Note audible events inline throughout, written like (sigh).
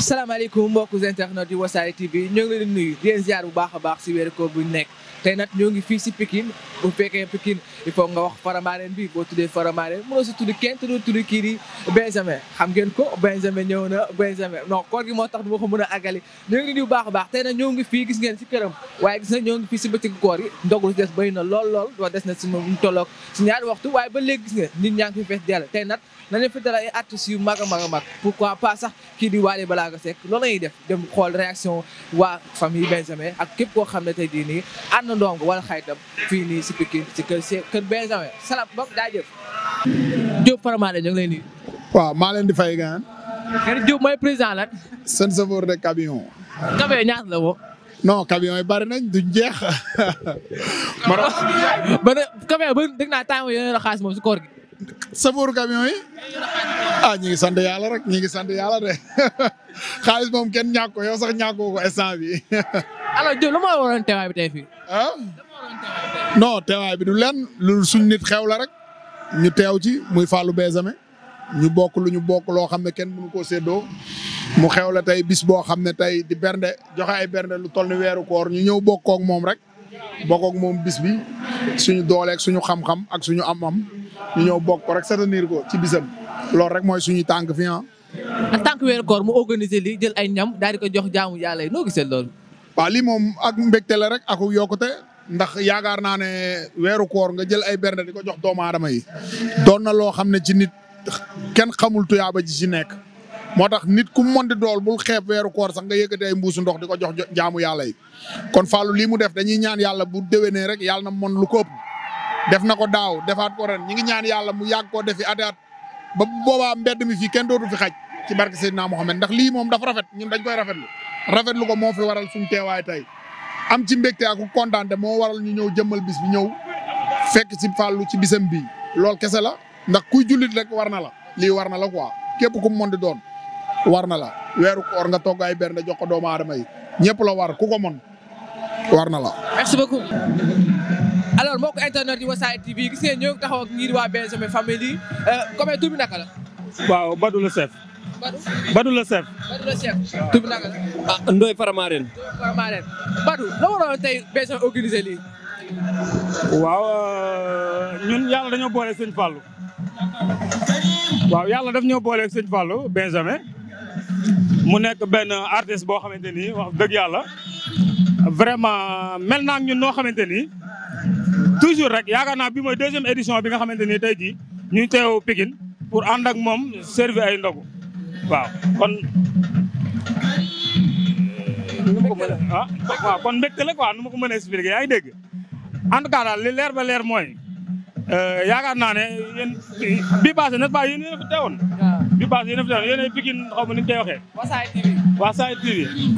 salaamaaleykum mbokku internet yu Wassare TV ñoo ngi leen di nuyu di leen ziar si weeru koor bu ñu nekk tey nag ñoo fekkee Pikine il faut nga wax Faramareen bi boo tuddee Faramareen mënoo si tudd kenn tudd tudd Benjamin xam ngeen ko Benjamin ñëw na Benjamin non koor gi moo tax du ma ko mën a àggali ñoo ngi leen baax a baax tey nag ñoo ngi fii gis ngeen si këram waaye gis na ñoo ngi fii si bëccëg koor yi ndogu des bëri na lool lool doo des na si mu si ñaari waxtu waaye ba léegi gis nga nit ñaa ngi fi fees dell tey nag nañu fi yu mag a a mag pourquoi pas sax Ndiaga Seck loolu la ñuy def dem xool réaction waa famille Benjamin ak képp koo xam ne tey jii nii ànd ndongo wala xaytam fii nii si Pikine si kër si Benjamin salaam bokk daa jëf. Diop Faramaré ñu ngi lay nuyu. waaw maa lan. seen de camion. camion ñaata la woo. non camion yi bari nañ duñ jeex. (laughs) ma ne camion ba dégg naa temps yii yéen a xaalis safooru camion yi ah ñi ngi sant yàlla rek ñi ngi sant yàlla de (laughs) xaalis moom kenn ñàkk ko yow sax ñàkkoo ko instant bi (laughs) teewaay bi tey fii. ah non bi du lenn lu suñ nit xew la rek ñu teew ci muy Fallou Benjamin ñu bokk lu ñu bokk loo xam ne kenn mënu koo séddoo mu xew la tey bis boo xam ne tey di bernde joxe ay bernde lu toll ni weeru koor ñu ñëw bokkook moom rek bokk moom bis bi suñu dooleeg suñu xam-xam ak suñu am-am ñu ñëw bokk rek soutenir ko ci bisam loolu rek mooy suñuy tànk fi ah. en tant que weeru koor mu organiser li jël ay ñam daal di ko jox jaamu yàlla yi noo gisee loolu. waaw lii moom ak mbégte rek ak yokkute ndax yaakaar naa ne weeru koor nga jël ay bernde di ko jox doomu aadama yi doon na loo xam ne ci nit kenn xamul tuyaaba ji ci nekk. motax nit ku mën dol bul xeb wéru koor sax nga yëkkati ay mbusu ndox diko jox jaamu yalla yi kon faalu li mu def dañuy ñaan yalla bu déwénee rek yalla na mon lu ko def na ko daaw defaat ko ren ñi ngi ñaan yalla mu yag ko defi ati ba boba mbedd mi fi kën dootu fi xaj ci barke Seydina muhammad ndax li mom dafa rafet ñun dañ koy rafetlu rafetlu ko mo fi waral suñu téway tay am ci mbékté ak kontaante mo waral ñu ñëw jëmmal bis bi ñëw fekk ci Fallou ci bisam bi lool kese ndax kuy julit rek war la li war la quoi képp ku mu doon war na la weeru koor nga togg ay bernde jox ko doomu aadama yi ñëpp la war ku ko mën na la. merci beaucoup. alors mbokk internet yi Wassare TV gis ngeen ñoo ngi taxaw waa Benjamin Family euh, comme tur bi naka la. waaw Badou le chef. Badou Badou le chef. Badou le naka la. ah Ndoye Faramaren. Ndoye Faramaren waroon tey Benjamin organiser lii. waaw euh, ñun dañoo boole sëñ Fallou. waaw daf ñoo boole sëñ Benjamin. mu nekk benn artiste boo xamante ni wax dëgg yàlla vraiment mel naa ñun noo xamante ni toujours rek yaakaar naa bi mooy deuxième édition bi nga xamante ni tey jii ñu teew Pikine pour ànd ak moom servir ay ndogu waaw kon. ah waaw kon mbégte la quoi nu ma ko mën a yaa ngi dégg. en tout leer ba leer mooy euh, yaakaar naa ne yéen bii passé n'est-ce pas yéen yéen bi paas yéen a fi yéen a Pikine xaw ma ni ñu koy waxee. Wassare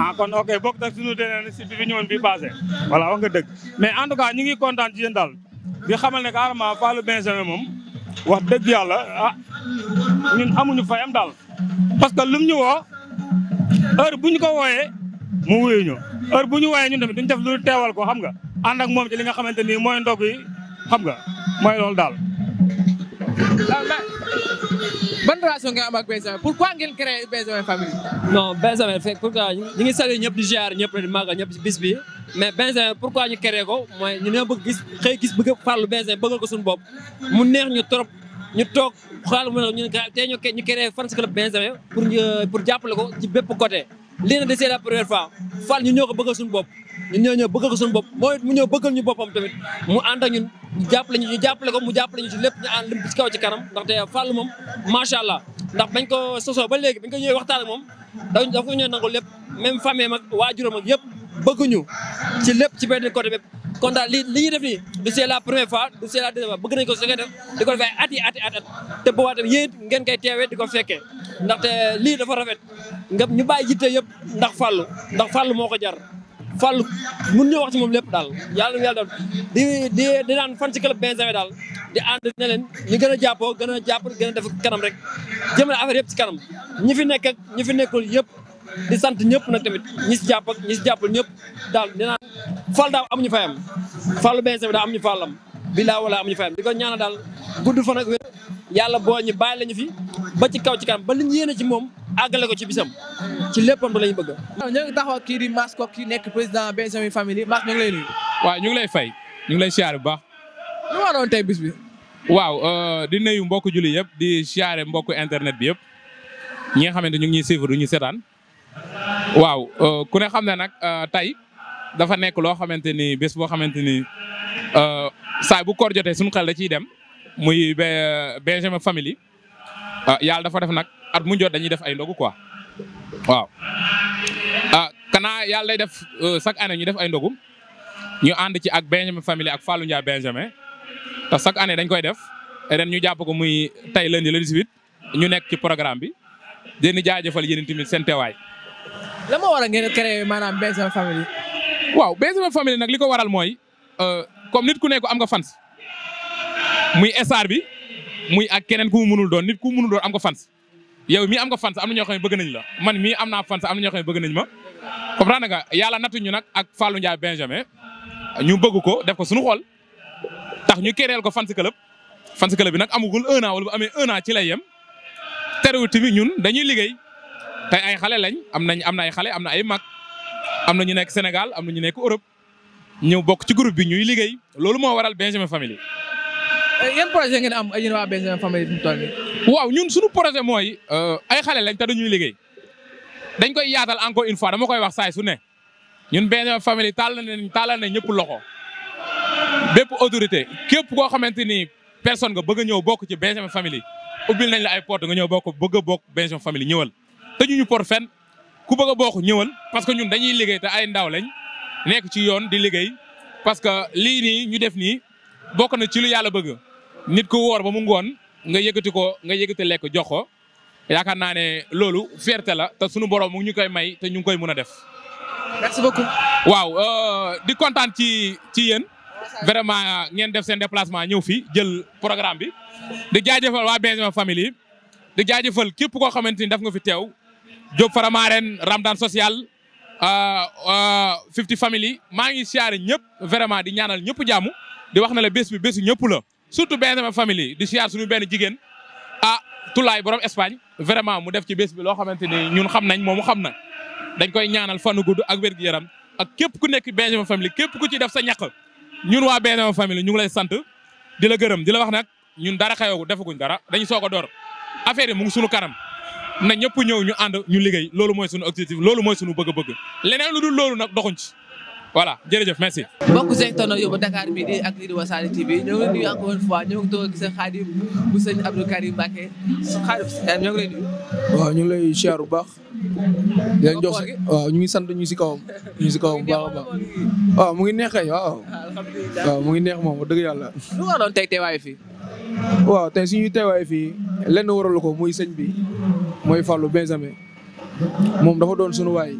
ah, kon ok bokk nag suñu deneen si bi fi ñëwoon bi passé voilà wax nga dëgg mais en tout cas ñu ngi kontaan ci daal di xamal ne ka carrément Fallou Benjamin moom wax dëgg yàlla ah ñun amuñu fayam daal parce que lu mu ñu woo heure bu ñu ko wooyee mu wuyu ñu heure bu ñu wooyee ñun tamit duñ def lu teewal ko xam nga ànd ak moom ci li nga xamante ni mooy ndog yi xam nga mooy loolu daal. ban relation nga am ak Benjamin pourquoi ngeen créé Benjamin famille. non Benjamin fekk pourquoi ñu ngi salué ñëpp di ziar ñëpp di màggal ci bis bi mais Benjamin pourquoi ñu créé ko mooy ñu gis gis bëgg ko suñu bopp mu neex ñu trop ñu toog xaaral mu ne ñu tey ñu créé fan club Benjamin pour ñu pour jàppale ko ci bépp côté. lii nag de c'est la première fois Fall ñu ñoo ko bëgg suñu bopp ñun ñoo ñoo bëgg ko suñu bopp mooy mu ñoo bëggal ñu boppam tamit mu ànd ak ñun ñu jàppale ñu ñu jàppale ko mu jàppale ñu ci lépp ñu ànd ci kaw ci kanam ndaxte Fall moom macha allah ndax bañ ko sosoo ba léegi bañ ko ñëwee waxtaan ak moom ko dafa ñoo nangul lépp même famille mag waajuram ak yëpp bëgguñu ci lépp ci benn côté bépp kon daal lii li ñuy def du c'est la première fois du c'est la bëgg nañ ko su ngeen def ko defee at yi at yi at te boobaa tamit yéen ngeen koy teewee di ko fekkee ndaxte lii dafa rafet nga ñu bàyyi yitte yëpp ndax fàllu ndax fàllu moo ko jar fàllu mun ñu wax moom lëpp daal yàlla na yàlla di di di naan fan ci club Benjamin daal di ànd ne leen ñu gën a jàppoo gën a jàpp gën a def kanam rek jëmale affaire yëpp ci kanam ñi fi nekk ak ñi fi nekkul yëpp di sant ñëpp nag tamit ñi si jàpp ak ñi si ñëpp daal nee naa am daaw amuñu fayam falu benn bi daa amuñu fallam bilaa wala amuñu fayam di ko ñaanal daal gudd fan ak wér yàlla boo ñu bàyyi lañu fi ba ci kaw ci kanam ba li ci moom àggale ko ci bisam ci léppam lañu bëgg. waaw ñu ngi taxaw kii di Mass Kock kii nekk président Benjamin Family Mass ñu ngi lay nuyu. waaw ñu ngi lay fay ñu ngi lay siyaare bu baax. lu ma bi. waaw euh, di nuyu mbokku julli yëpp di siyaare mbokku internet bi yëpp ñi nga xamante ñu ngi ñu seetaan waaw euh, ku ne xam ne nag euh, tey dafa nekk loo xamante ni bés boo xamante ni euh, saa bu koor jote suñu xel da ciy dem muy Benjamin Family yàlla dafa def nag at mu jot dañuy def ay ndogu quoi waaw. ah kanaa yàlla day def chaque année ñu def ay ndogu ñu ànd ci ak Benjamin Family ak Fallou Ndiaye Benjamin te chaque année dañ koy def ren ñu jàpp ko muy tey lundi le ñu nekk ci programme bi deni jaajëfal yéen tamit seen teewaay. la moo waral ngeen créé maanaam benn sama famille. waaw benn sama famille nag li ko waral mooy euh, comme nit ku nekk am nga fans muy star bi muy a keneen ku mu munul doon nit ku munul doon am nga fans yow mii am nga fans am na ñoo bëgg nañ la man mi am naa fans am na ñoo xam bëgg nañ ma. comprendre nga yàlla ñu nag ak Fallou Ndiaye Benjamin ñu bëgg ko def ko suñu xol tax ñu kéréel ko fans club fans club bi nag amagul un an wala bu amee un ci lay yem terewul tamit ñun dañuy liggéey. tey ay xale lañ am nañ am na ay xale am na ay mag am na ñu nekk Sénégal am na ñu nekk Europe ñëw bokk ci groupe bi ñuy liggéey loolu moo waral Benjamin Family. Euh, yan projet am yéen waa Benjamin Family fi mu ñun suñu projet mooy euh, ay xale lañ te ñuy liggéey dañ koy yaatal encore une fois dama koy wax saay su ne ñun Benjamin Family tàllal nañ tàllal nañ ñëpp loxo bépp autorité képp koo xamante ni personne nga bëgg a ñëw bokk ci Benjamin Family ubbil nañ la ay porte nga ñëw bokk bëgg a bokk Benjamin Family ñëwal. te ñu ñu por fen ku bëgg a bokk ñëwal parce que ñun dañuy liggéey te ay ndaw lañ nekk ci yoon di liggéey parce que lii nii ñu def nii bokk na ci lu yàlla bëgg nit ku woor ba mu ngoon nga yëkkati ko nga yëkkati lekk jox ko yaakaar naa ne loolu fierté la te sunu borom mu ñu koy may te ñu ngi koy mun a def. merci beaucoup. waaw euh, di kontaan ci ci yéen. vraiment ngeen def seen déplacement ñëw fi jël programme bi. di jaajëfal waa Benjamin famille yi di jaajëfal képp koo xamante ni daf nga fi teew Diop Faramaren Ramadan social euh, euh, Fifty Family maa ngi siyaare ñëpp vraiment di ñaanal ñëpp jàmm di wax na la bés bi bésu ñëpp la surtout benn famille di siyaar suñu benn jigéen a ah, Tulaay borom Espagne vraiment mu def ci bés bi loo xamante ni ñun xam nañ moom xam na dañ koy ñaanal fanu gudd ak wér gu yaram ak ku nekk Benjamin Family képp ku ci def sa ñaq ñun waa Benjamin Family ñu ngi lay sant di la gërëm di la wax nag ñun dara xayoogu defaguñ dara dañu soog a door affaire yi mu ngi kanam na ñëpp ñëw ñu ànd ñu liggéey loolu mooy suñu objectif loolu mooy suñu bëgg-bëgg leneen lu dul loolu nag doxuñ ci voilà jërëjëf merci. mbokk seen tono yóbbu Dakar midi ak lii di Wassare TV ñoo ngi leen di nuyu ñoo ngi toog seen xaadim bu sëñ Abdou Karim Mbacké xaadim eh, ñoo ngi lay nuyu. waaw ñu ngi lay siyaar bu baax. di leen jox waaw ñu ngi sant ñu si kawam ñu si kawam bu baax mu ngi neex kay waaw. waaw mu ngi neex moom wax dëgg yàlla. lu waroon tey fii. waaw tey suñuy teewaay fii lenn waralu ko muy sëñ bi mooy Fallou Benjamin moom dafa doon suñu waay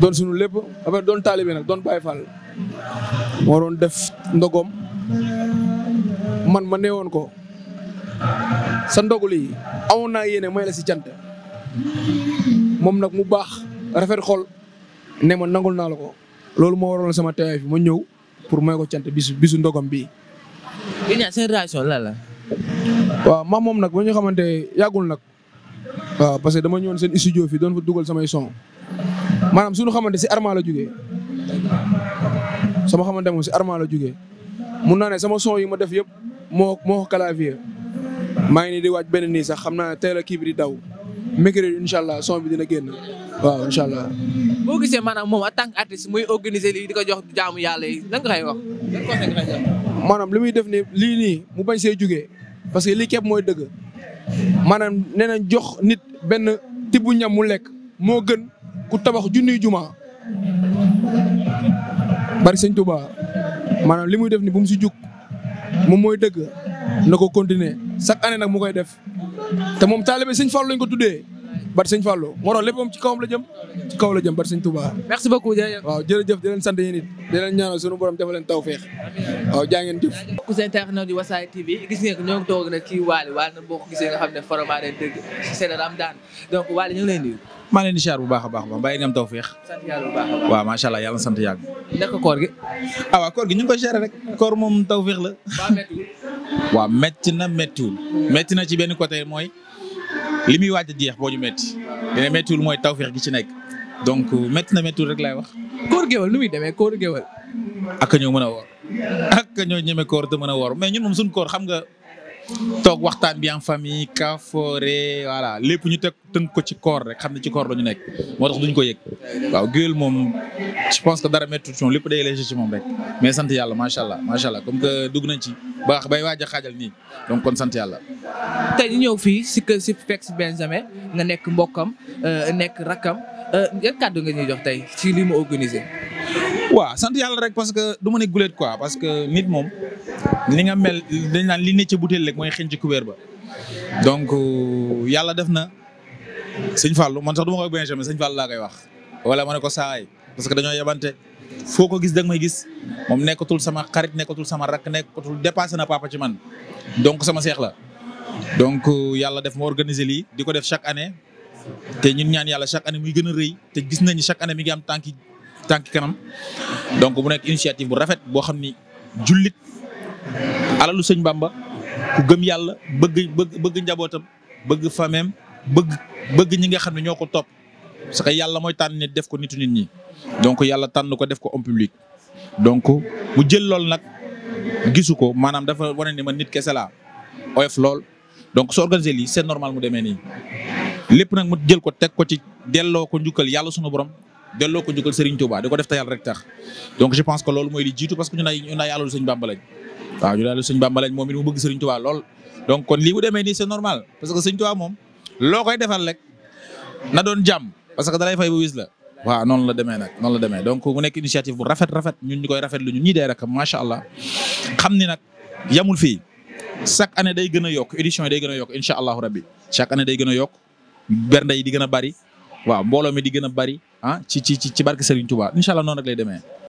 doon suñu lépp dafa doon taalibe nag doon Baye Fall moo doon def ndogom man ma neewoon ko sa ndogul yi amoon naa yéene may la si cant moom nag mu baax rafet xol ne ma nangul naa la ko loolu moo waroon sama teewaay fi ma ñëw pour may ko cant bisu bisu ndogom bii yéen ñaar seen relation lan la. waaw ma moom nag ba ñu xamante yagul nag waaw parce que dama ñëwoon seen studio fi doon fa dugal samay son maanaam suñu xamante si Arma la jógee sama xamante moom si Arma la jógee mun naa sama son yi ma def yëpp moo moo ko maa ngi nii di waaj benn nii sax xam naa ne tey la kii bi di daw. mercredi incha allah son bi dina génn waaw incha allah. boo gisee maanaam moom a tant que artiste muy organiser di ko jox jaamu yàlla yi lan nga wax lan ko nekk rajo. li muy def nii lii nii mu bañ see jugee parce que lii képp mooy dëgg maanaam nee jox nit benn bu ñam mu lekk moo gën ku tabax junniy juma. bari sëñ Tuubaa maanaam li muy def ni bu si jug moom mooy dëgg. na ko continuer chaque année nag mu koy def te moom taalibe sëñ Fallou lañ ko tuddee bat sëñ Fallou moo tax ci la jëm kaw la jëm bat sëñ Touba. merci beaucoup jërëjëf waaw jërëjëf di leen sant yéen it di leen ñaanal sunu borom dafa leen tawféex waaw jaa ngeen jëf. mbokku seen internet yi Wassare TV gis ngeen ñoo ngi toog nag kii Waly Waly nag boo nga a ba bàyyi ngam tawféex. sant yàlla bu baax a baax waaw macha allah yàlla sant yàlla. naka koor gi. ah waaw koor gi ñu ngi koy gérer rek waaw metti na méttiwul métti na ci benn côté mooy li muy waaj a jeex boo ñu métti dina méttiwul mooy tawféex gi ci nekk donc métti na méttiwul rek lay wax. koor géwal nu muy demee koor géwal. ak ñoo mën a woor ak ñoo ñeme koor te mën a woor mais ñun moom suñu koor xam toog waxtaan bi en famille kafoore voilà lépp ñu teg tënk ko ci koor rek xam na ci koor la ñu nekk moo tax duñ ko yëg waaw Gueweul moom je pense que dara méttu ci moom lépp day léger moom rek mais sant yàlla macha allah macha allah comme que dugg nañ ci baax bay waaja xaajal nii donc kon sant yàlla. tey ñëw fii si kër si fekk si Benjamin nga nekk mbokkam euh, nekk rakkam euh, yan kàddu nga ñuy jox tey ci li mu organiser waaw sant yàlla rek parce que du ma ne guléet parce que nit moom li nga mel dañ naan li ne ci butéel rek mooy xëñ ci kubéer ba donc euh, yàlla def na sëñ Fallou man sax du ma koy Benjamin sëñ Fallou laa koy wax wala ma ne ko saay parce que dañoo yebante foo ko gis da may gis moom nekkatul sama xarit nekkatul sama rakk nekkatul dépassé na papa ci man donc sama seex la donc euh, yàlla def ma organiser lii di ko def chaque année te ñun ñaan yàlla chaque année muy gën a rëy te gis nañu chaque année mi ngi am tànki tanki kanam donc mu nek initiative bu rafet bo xamni julit alalu seigne Bamba ku gem yalla beug beug bëgg njabootam bëgg fameem beug bëgg ñi nga xamni ñoko top ko yalla moy tan yàlla def ko nitu nit ñi donc yalla tan ko def ko en public. donc mu jël lol nak gisuko manam dafa woné ni man nit kese la oyof lol donc so organiser li c'est normal mu démé ni lepp nak mu jël ko tek ko ci ko yalla sunu borom delloo ko njukkal Serigne Touba diko def tayal rek tax donc je pense que lolou moy li jitu parce que ñu nay ñu nay alalu Serigne Bamba lañ waaw ñu alalu Serigne Bamba lañ moom mu bëgg Serigne Touba lool. donc kon li bu démé ni c'est normal parce que Serigne Touba mom, lo koy defal rek na doon jam, parce que lay fay bu wis la. waaw non la démé nak non la démé donc mu nek initiative bu rafet rafet ñun ñukoy rafet lu ñu ñi dé rek sha allah xamni nak yamul fi chaque année day gëna yok édition day gëna yok inshallah rabbi chaque année day gëna yok bernday di gëna bari waaw mbooloo mi di gën bari ah ci ci ci barke Serigne Touba incha allah noonu rek lay demee.